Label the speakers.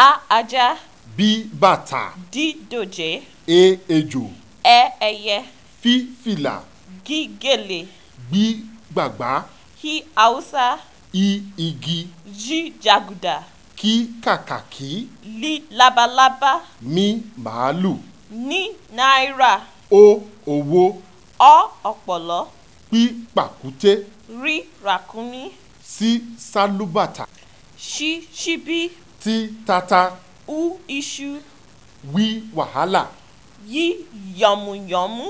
Speaker 1: a ajá.
Speaker 2: b bàtà.
Speaker 1: d dòjé.
Speaker 2: e ejò.
Speaker 1: ẹ e, ẹyẹ.
Speaker 2: fi fìlà.
Speaker 3: g gèlè.
Speaker 2: gb gbàgbá.
Speaker 3: hi hausa. i igi. j jaguda. kí kàkàkí. li labalaba.
Speaker 2: mi màálù.
Speaker 3: ní náírà.
Speaker 2: o owó. ọ ọ̀pọ̀lọ́. P pàkúté. R ràkúnmí. sí sálúbàtà. ṣí ṣíbí ti tata. u iṣu. wi wàhálà. yi yànmùyánmú.